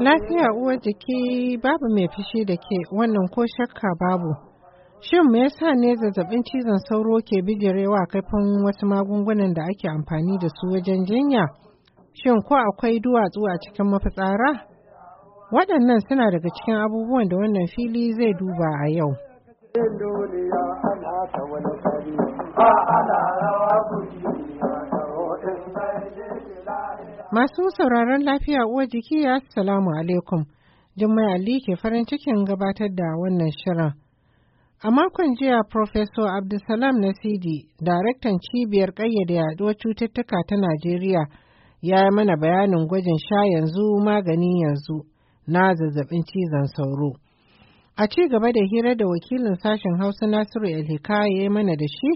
Lafiya uwar jiki babu mai fushi da ke wannan ko shakka babu. Shin me yasa ne zazzabin cizon sauro ke bijirewa kaifin wasu magungunan da ake amfani da su wajen jinya? Shin ko akwai duwatsu a cikin mafitsara? Waɗannan suna daga cikin abubuwan da wannan fili zai duba a yau. duniya ana ta wani ba ana rawa Masu sauraron lafiya uwa jiki ya salamu alaikum. Jummai Ali ke farin cikin gabatar da wannan shirin. A makon jiya Professor Abdulsalam Nasidi, daraktan cibiyar ƙayyade yaduwar cututtuka ta Najeriya, ya yi mana bayanin gwajin sha yanzu magani yanzu na zazzabin cizon sauro. A ci gaba da hira da wakilin sashen Hausa Nasiru Elhika ya yi mana da shi,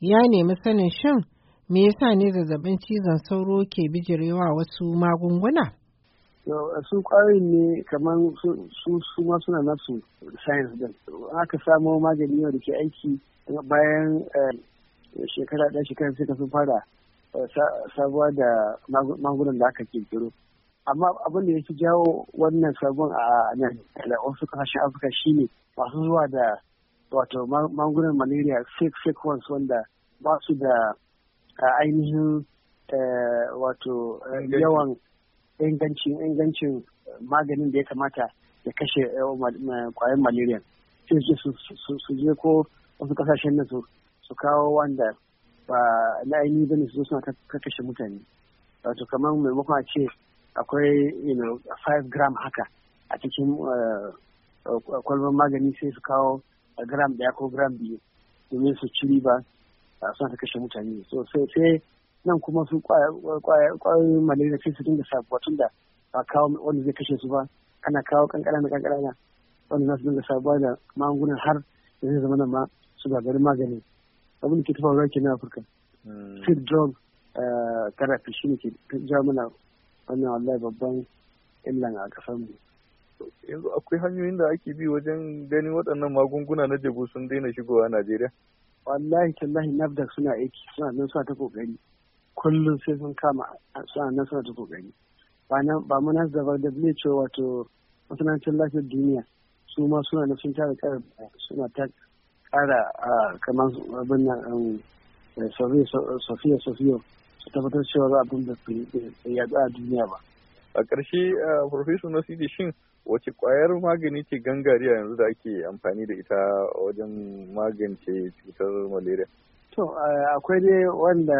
ya nemi sanin shin me yasa ne zazzabin cizon sauro ke bijirewa wasu magunguna? su kwayoyin ne kamar su su ma suna nasu science din aka samo magani da ke aiki bayan eh, shekara ɗaya shekara suka sun fara eh, sabuwa da magungunan da aka kirkiro amma abin da ya fi jawo wannan sabon a nan da wasu kasashen afirka shine masu zuwa da wato magungunan malaria sick sick ones wanda ba su da ainihin eh, wato yawan ingancin maganin da ya kamata ya kashe kwayan eh, malaria sai su je ko wasu kasashen nan su kawo wanda ba na ainihi bane su suna kashe mutane wato kamar maimakon a ce akwai you know 5 gram haka a cikin eh, kwalbar magani sai su kawo gram daya ko gram biyu domin su ci riba suna ta kashe mutane so sai nan kuma su kwayoyin malaria sai su dinga sabuwa tun da ba kawo wanda zai kashe su ba ana kawo kankana na kankana wanda za su dinga sabuwa da magungunan har da zai zama ma su gagari magani abin da ke tafa ruwa kenan afirka hmm. feed drug therapy eh, shi ne ke jawo mana wannan wallahi babban illan a kasar mu yanzu akwai hanyoyin da ake bi wajen ganin waɗannan magunguna na jago sun daina shigowa a Najeriya? wallahi tallahi nafdak suna aiki suna nan suna ta kokari kullum sai sun kama suna nan suna ta kokari ba mana zabar da zai ce wato masanancin lafiyar duniya su ma suna na sun tara kara suna ta kara kamar abin na um, sofiya sofiya su tabbatar cewa abin da yi a duniya ba a ƙarshe eh, professor nasidi shin wace ƙwayar magani ce gangariya yanzu da ake amfani da ita wajen magance cutar malaria to eh, akwai dai wanda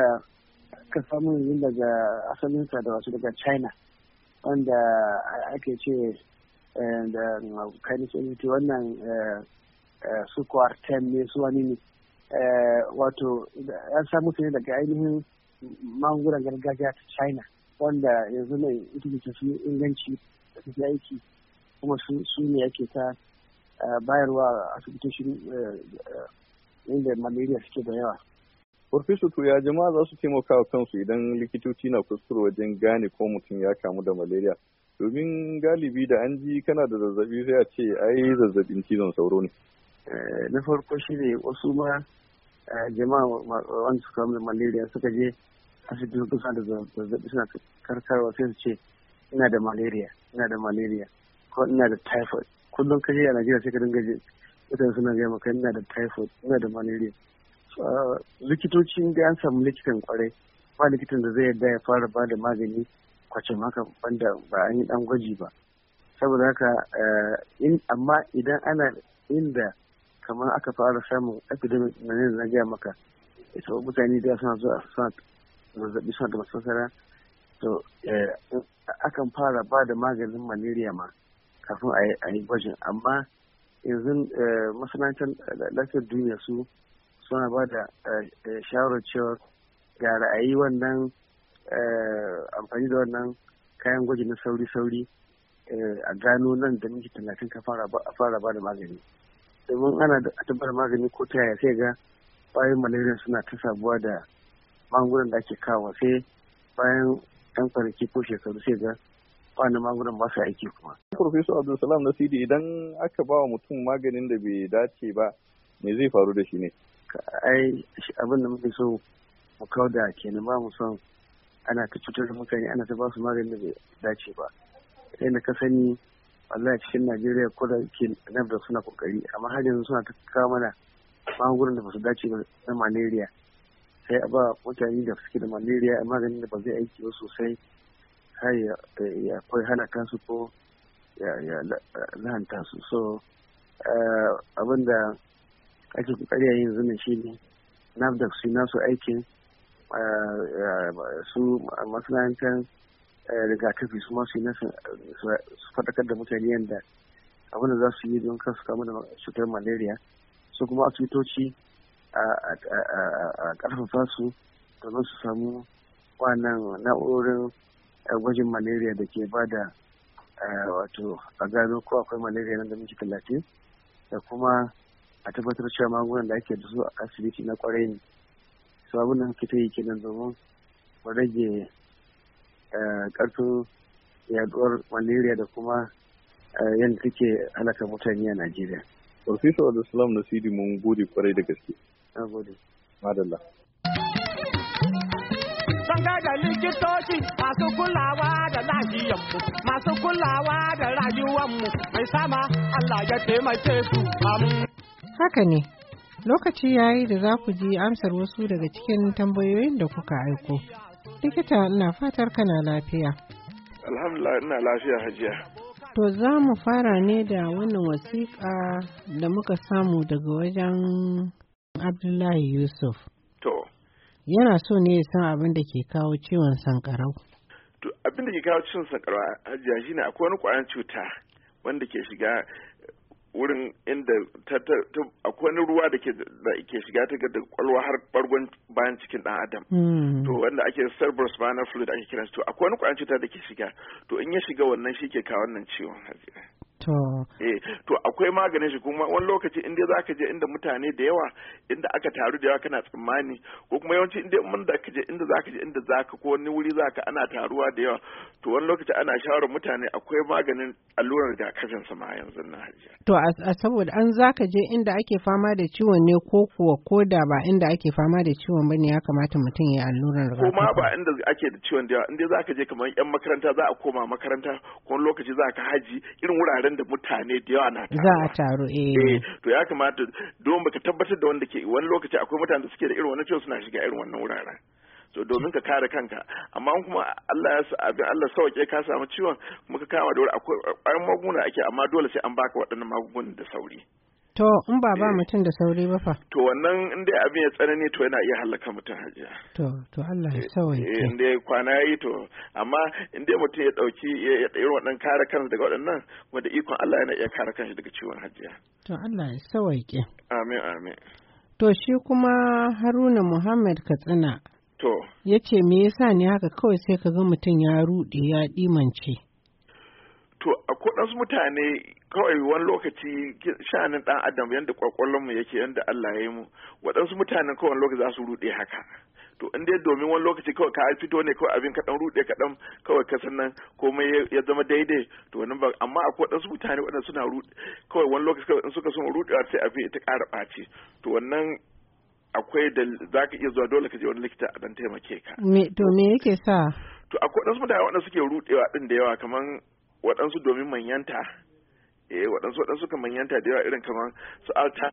aka samu yin daga asalinsa da wasu daga china wanda ake ce eh, da kanisoniti wannan su kwarten ne su wani ne wato an samu ne daga ainihin magungunan gargajiya ta china wanda yanzu ne ita ce tafi inganci da tafi aiki kuma su ne ake ta eh, bayarwa a asibitocin eh, inda malaria suke da yawa. Farfesa to ya jama'a za su taimaka wa kansu idan likitoci na kuskure wajen gane ko mutum ya kamu da malaria. Domin galibi da an ji kana da zazzabi sai a ce ai zazzabin cizon sauro ne. Eh, na farko shi ne wasu ma jama'a wanda suka kamu da malaria suka je asibiti kusa da zazzabi suna karkarwa sai su ce ina da malaria ina da malaria ko ina da typhoid kullum kaje a Najeriya sai ka dinga je mutane suna gaya maka ina da typhoid ina da malaria likitocin da an samu likitan kwarai ba likitan da zai yarda ya fara ba da magani kwacin haka banda ba an yi dan gwaji ba saboda haka eh, amma idan ana inda kamar aka fara samun epidemic na ne na gaya maka ita mutane da suna zuwa zazzabi suna da masasara to eh, akan fara ba da maganin malaria ma kafin a yi gwajin amma yanzu eh, masana'antar eh, lafiyar duniya su suna ba da shawarar cewa ga ra'ayi wannan amfani da wannan kayan gwaji na sauri-sauri a gano nan da miki talatin ka fara ba da magani domin ana da magani ko ta yaya sai ga bayan malaria suna ta sabuwa da magungunan da ake kawo sai bayan yan kwanaki ko shekaru sai ga wani magungunan ba su aiki kuma. Profesor na Nasidi idan aka ba wa mutum maganin da bai dace ba me zai faru da shi ne? Ai abin da muke so mu kawo da kenan ba mu son ana ta cutar da mutane ana ta ba su maganin da bai dace ba. Sai na ka sani wallahi cikin Najeriya ko da ke nan da suna kokari amma har yanzu suna ta kawo mana magungunan da ba su dace ba na malaria. sai a ba mutane da suke da malaria a maganin da ba zai aiki ba sosai har ya kai hana kansu ko ya lahanta su so eh, abinda ake kokari a yanzu ne shi ne da su nasu aikin eh, eh, su masana'antar rigakafi su masu yi su fadakar da mutane yadda abin za su yi don kansu kamar da cutar malaria su kuma asibitoci a ƙarfafa su domin su samu wannan na'urorin eh, gwajin malaria da ke ba da eh, wato a gano ko akwai malaria nan da miki talatin da kuma a tabbatar cewa magungunan da ake da su a asibiti na kwarai ne su abin da muke ta yi kenan domin ba rage karfin eh, yaduwar malaria da kuma yadda take halaka mutane a najeriya Profesor Abdulsalam Nasiri mun gode kwarai da gaske. Na gode. Madalla. Zan da likitoci masu kulawa da lahiyanmu, masu kulawa da rayuwanmu mai sama Allah ya taimake su. Haka ne, lokaci ya yi da za ku ji amsar wasu daga cikin tambayoyin da kuka aiko. Likita ina fatar kana lafiya. Alhamdulillah ina lafiya hajiya. To za mu fara ne da wannan wasiƙa da muka samu daga wajen Abdullahi Yusuf. To. Yana so ne ya san abin da ke kawo ciwon sankarau. To abin da ke kawo ciwon sankarau hajiya shine akwai wani kwayan cuta wanda ke shiga wurin inda akwai wani ruwa da ke shiga ta da kwalwa har bargon bayan cikin dan adam hmm. to wanda ake cerebral spinal fluid ake kiransu to akwai wani kwayan cuta da ke shiga to in ya shiga wannan shi ke kawo wannan ciwon To. Eh, to akwai maganin shi kuma wani lokaci inda za ka je inda mutane da yawa inda aka taru da yawa kana tsammani ko kuma yawanci inda mun da ka je inda za ka je inda za ka ko wani wuri za ka ana taruwa da yawa to wani lokaci ana shawarar mutane akwai maganin allurar rigakafin sa ma yanzu na hajiya. To a saboda an za ka je inda ake fama da ciwon ne ko kuwa ko da ba inda ake fama da ciwon ba ne ya kamata mutum ya allurar rigakafi. Kuma ba inda ake da ciwon da yawa inda za ka je kamar yan makaranta za a koma makaranta ko lokaci za ka haji irin wuraren wuraren da mutane da yawa na za a taro eh. eh to ya kamata don baka tabbatar da wanda ke wani lokaci akwai mutane da suke da irin wannan ciwo suna shiga irin wannan wuraren so domin ka kare kanka amma kuma Allah ya abin Allah sauke ka samu ciwon kuma ka kama da wuri akwai magunguna ake amma dole sai an baka waɗannan magungunan da sauri To in ba ba mutum da sauri ba fa. To wannan in dai abin ya tsanani to yana iya halaka mutum hajiya. To to Allah ya sauke. Eh, in dai kwana yi to amma in dai mutum ya dauki ya irin waɗannan kare kan daga waɗannan wanda ikon Allah yana iya kare shi daga ciwon hajiya. To Allah ya sauke. Amin amin. To shi kuma Haruna Muhammad Katsina. To. Ya ce me yasa ne haka kawai sai ka ga mutum ya ruɗe ya ɗimance. To akwai ɗansu mutane kawai wani lokaci sha'anin dan adam yadda kwakwallon mu yake yadda Allah ya yi mu waɗansu mutanen kawai wani lokaci za su rude haka to in dai domin wani lokaci kawai ka fito ne kawai abin ka dan rude ka dan kawai ka sannan komai ya zama daidai to wani ba amma akwai waɗansu mutane waɗanda suna rude kawai wani lokaci kawai in suka ruɗe rudewa sai abin ita ƙara ɓaci to wannan akwai da za ka iya zuwa dole ka je wani likita a dan taimake ka. Me to me yake sa? To akwai waɗansu mutane waɗanda suke rudewa ɗin da yawa kamar waɗansu domin manyanta eh waɗansu waɗansu kamar yanta da yawa irin kamar su alta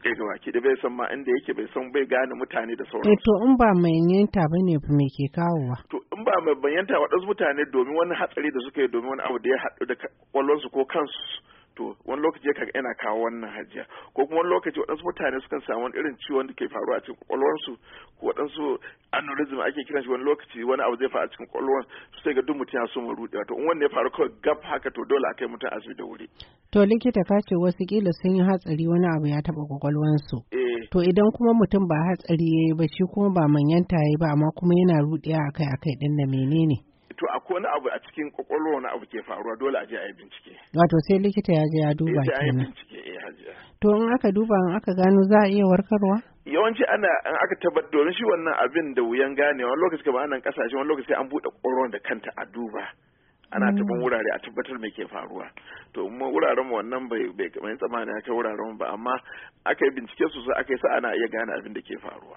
ke eh, ga baki da bai san ma inda yake bai san bai gane mutane da sauransu. Eh, to in ba mai yanta ba ne me ke kawowa? To in ba mai yanta waɗansu mutane domin wani hatsari da suka yi domin wani abu da ya haɗu da kwallonsu ko kansu to wani lokaci kaga yana kawo wannan hajiya ko kuma wani lokaci waɗansu mutane sukan samu wani irin ciwon da ke faruwa a cikin kwakwalwarsu ko waɗansu aneurysm ake kiran shi wani lokaci wani abu zai faru a cikin kwakwalwar su sai ga duk mutum ya so mu rudewa to in wanda ya faru kawai gab haka to dole a kai mutum asibiti da wuri. to likita ka ce wasu kila sun yi hatsari wani abu ya taɓa su. Eh. to idan kuma mutum ba hatsari ya yi ba shi kuma ba manyan ya yi ba amma kuma yana rudewa akai-akai ɗin da menene. Ko wani abu a cikin kwakwalwa wani abu ke faruwa dole a je a yi bincike. Wato sai likita ya je ya duba kenan. Sai a yi bincike eh hajiya. To in aka duba in aka gano za a iya warkarwa? Yawanci ana in aka tabbatar domin shi wannan abin da wuyan gane. wani lokaci kamar nan kasashe wani lokaci an buɗe kwakwalwa da kanta a duba. ana mm. taban wurare a tabbatar me ke faruwa to mu wuraren wannan bai bai kamar tsamani aka wuraren ba amma aka yi bincike sosai aka yi sa ana iya gane abin da ke faruwa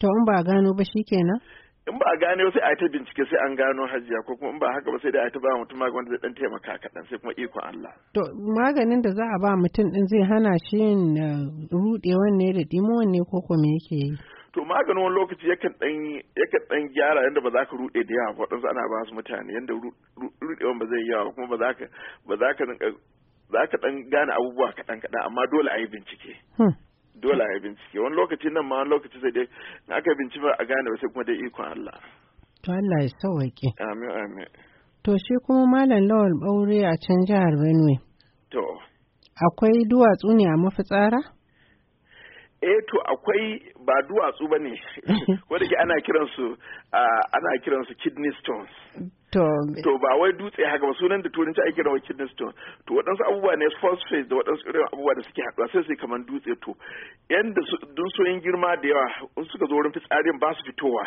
to in ba gano ba shi kenan? in ba a gane sai a ta bincike sai an gano hajiya ko kuma in ba haka ba sai da a ta ba mutum magani zai dan taimaka kaɗan sai kuma ikon Allah. To maganin da za a ba mutum din zai hana shi yin uh, rudewan ne da dimuwan ne ko kuma yake yi. To maganin wani lokaci yakan dan yakan dan gyara yadda ba za ka rude da yawa waɗansu ana ba su mutane yadda rudewan ba zai yawa kuma ba za ba za ka za ka dan gane abubuwa kaɗan kaɗan amma dole a yi bincike. Hmm. dole a yi bincike wani lokaci nan ma wani lokaci sai dai na aka bincike ba a gane ba sai kuma dai ikon Allah to Allah ya sauwaƙe amin amin to shi kuma malam lawal ɓaure a can jihar Benue to akwai duwatsu ne a mafitsara eh to akwai ba duwatsu bane wanda ana kiransu ah, ana kiransu kidney stones to ba wai dutse haka ba sunan da turanci ake kira kidney to waɗansu abubuwa ne phosphate da waɗansu irin abubuwa da suke haɗuwa sai sai kamar dutse to yanda dun soyin girma da yawa in suka zo wurin fitsarin ba su fitowa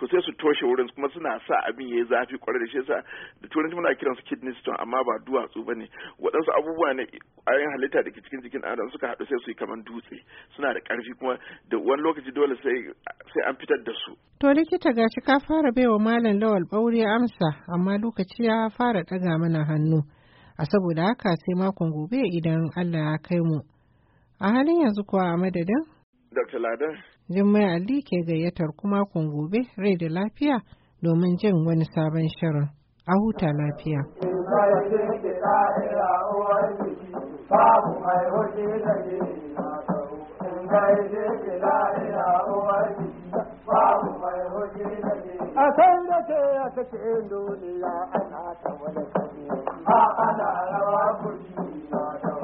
to sai su toshe wurin kuma suna sa abin ya yi zafi kwarai da shi yasa da turanci muna kiran su kidney stone amma ba duwatsu ba ne waɗansu abubuwa ne yin halitta da ke cikin jikin adam suka haɗu sai su yi kamar dutse suna da ƙarfi kuma da wani lokaci dole sai sai an fitar da su to likita gashi ka fara baiwa malam lawal Bauri amsa amma lokaci ya fara ɗaga mana hannu a saboda haka sai makon gobe idan Allah ya kai mu. A halin yanzu kuwa a madadin? Dr. Ladan. Jummai Ali ke gayyatar kuma kun gobe rai da lafiya domin jin wani sabon shirin. A huta lafiya. A san da ke ya kace duniya ana ta wani kare, ba ana rawa kurji na